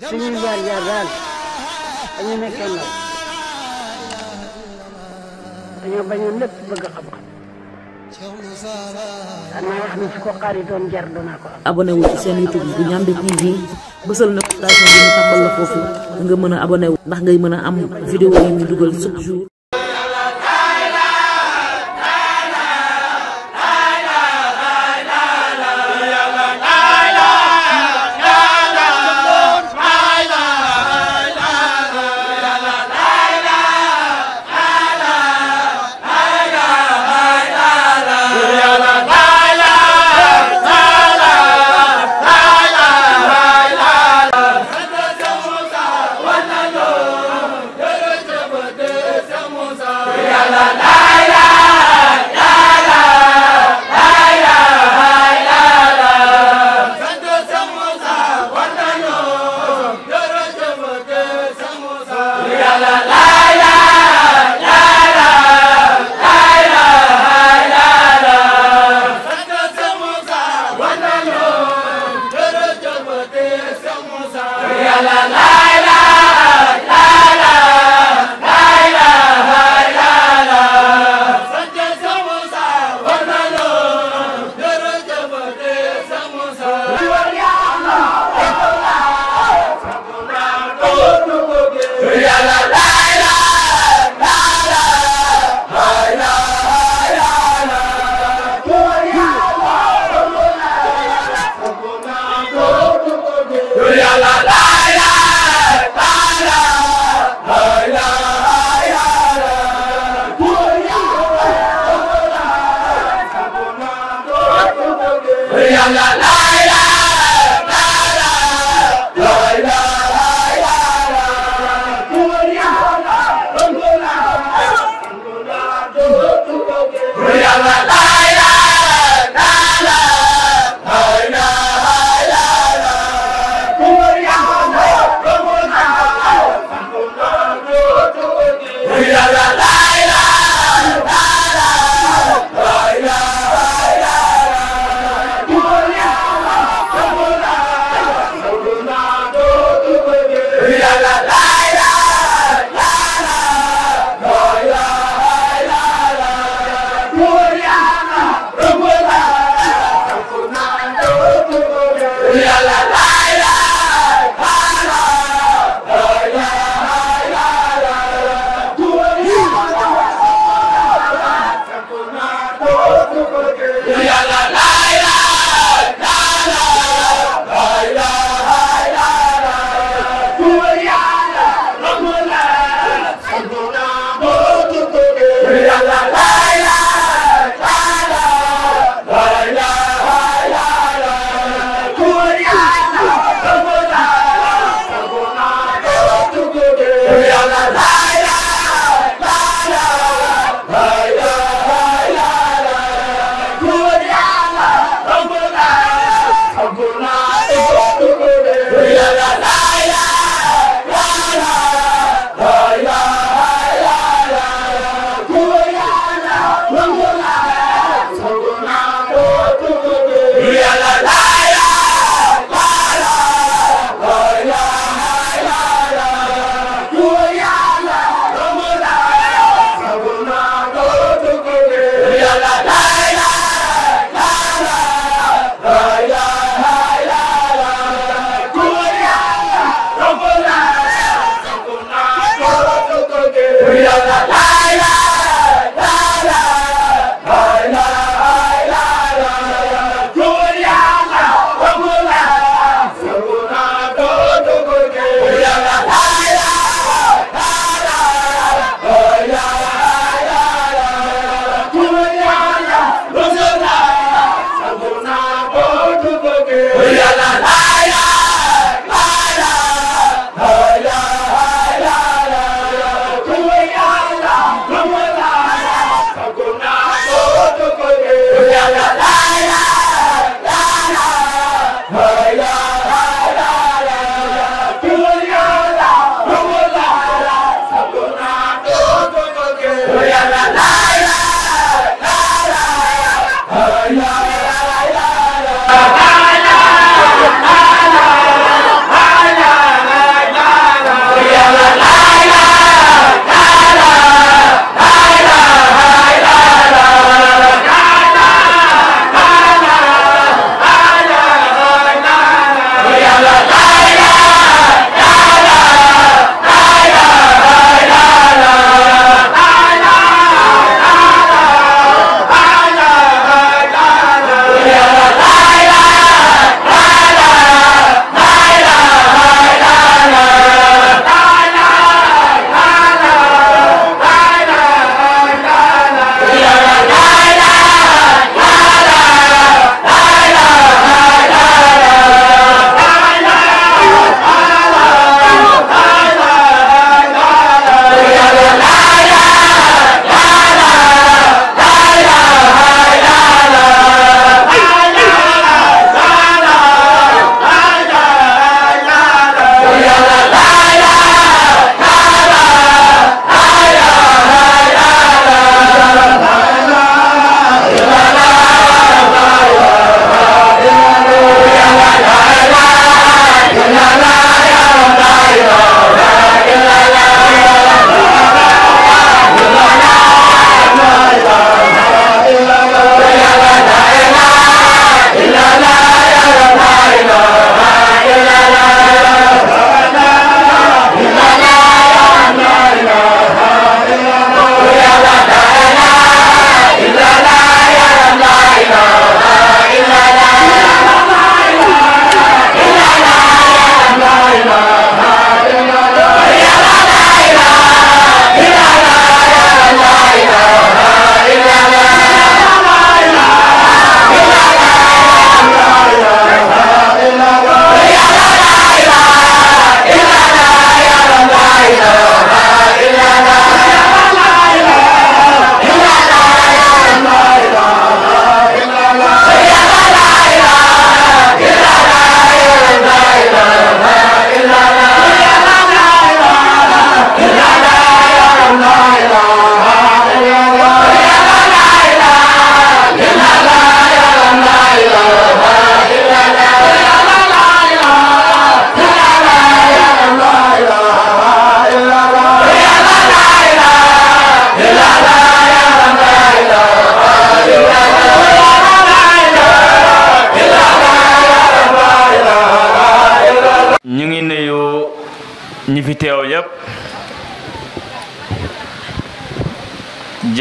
suñuy jaar jaar daal dañu nekkee ndaw dañoo bañoon lépp bëgg xam-xam xanaa wax ni su ko xaaritoon jar doonaa ko am. abonné wu ci seen YouTube bu Ndiamé TV bësal na station bi ñu tàmbal la foofu nga mën a abonné wu. ndax ngay mën a am vidéo yi ñu dugal chaque jour.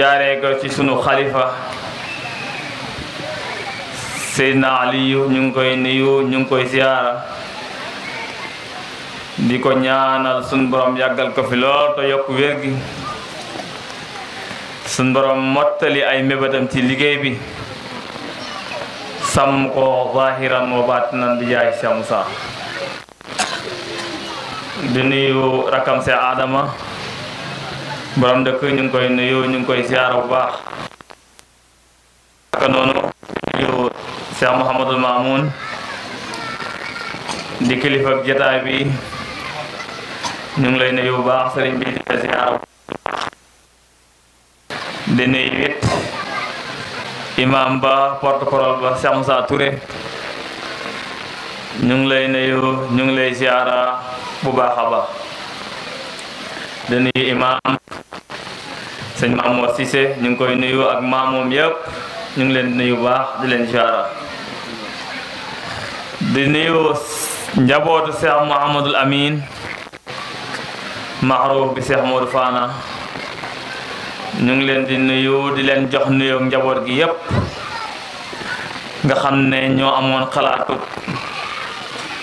jaaree ko ci sunu xalifa Seydina Aliyu ñu ngi koy nuyu ñu ngi koy ziyaara di ko ñaanal sunu borom yàggal ko fi lool te yokk wér gi borom mottali ay mébétam ci liggéey bi sàmm ko zahiran wa baatinan bi jaay Cheikh Moussa di nuyu rakam se Adama borom dëkk ñu ngi koy ñu ngi koy ziyaara bu baax aka noonu yu kilifa ak bi ñu ngi lay nuyu bu baax sëriñ bi di ziyaara ñu lay ziyaara bu baax a baax di sëñ mamo Cissé ñu koy nuyu ak mamom yépp ñu ngi leen nuyu baax di leen ziara di nuyu njabootu Cheikh al Amin ma'ruf bi Cheikh Modou Fana ñu ngi leen di nuyu di leen jox nuyu njaboot gi yépp nga xamné ne ñoo amoon xalaatu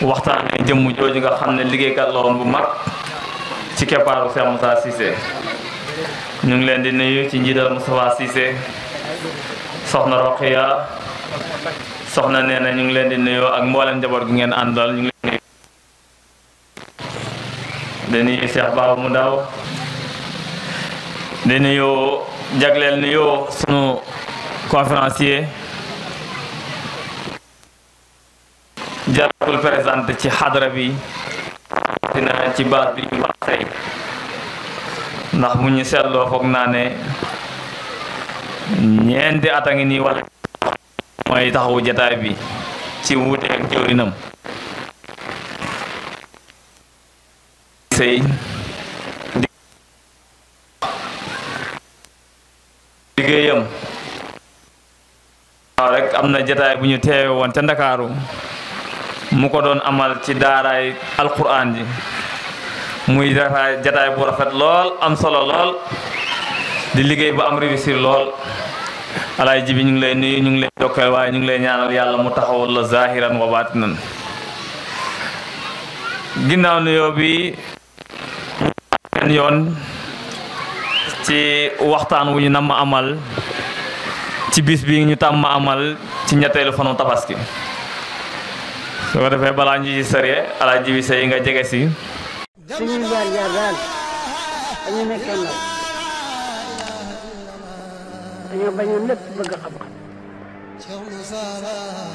waxtaane jëm jojju nga xamné liggéey liggéeykat lawon bu mag ci képaru Cheikh Moussa Cissé ñu ngi leen di nuyu ci njiital Moustapha Cissé soxna Roqiya soxna nee na ñu ngi leen di nuyu ak mboolem njaboot gi ngeen àndal ñu ngi leen di nuyu Cheikh Baba mu daw di nuyu jagleel nuyu suñu conférencier jaratul présenté ci xadra bi dina ci baat bi ñu wax tey ndax mu ñu seetloo foog naa ne ñeenti at a ngi nii wala mooy taxawu jataay bi ci wuuteeg jëwrinam sëy liggéeyam waaw rek am na jataay bu ñu teewe woon ca ndakaaru mu ko doon amal ci daaraay alquran ji muy dafa jataay bu rafet lol am solo lol. di liggey bu am réussir lol alay jibi ñu ngi lay nuyu ñu ngi lay dokkal way ñu ngi lay ñaanal yalla mu taxawul la zahiran wa batinan ginnaw nuyo bi yon ci waxtaan wu ñu nam amal ci bis bi ñu tam amal ci ñettelu fanu tabaski so defé balañ ji ñu alay jibi sey nga jégé si suñuy jaar jaar daal dañu nekkee ndaw dañoo bañoon lépp bëgg xam-xam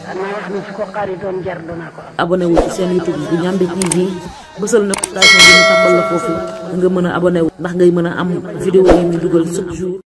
daanaa wax ne su ko xaari doon jar danaa ko am abonné wu seen YouTube bu Ndiamé TV bësal na ko station bi ñu tàmbal la foofu nga mën a abonné ndax ngay mën a am vidéo yi ñu dugal chaque jour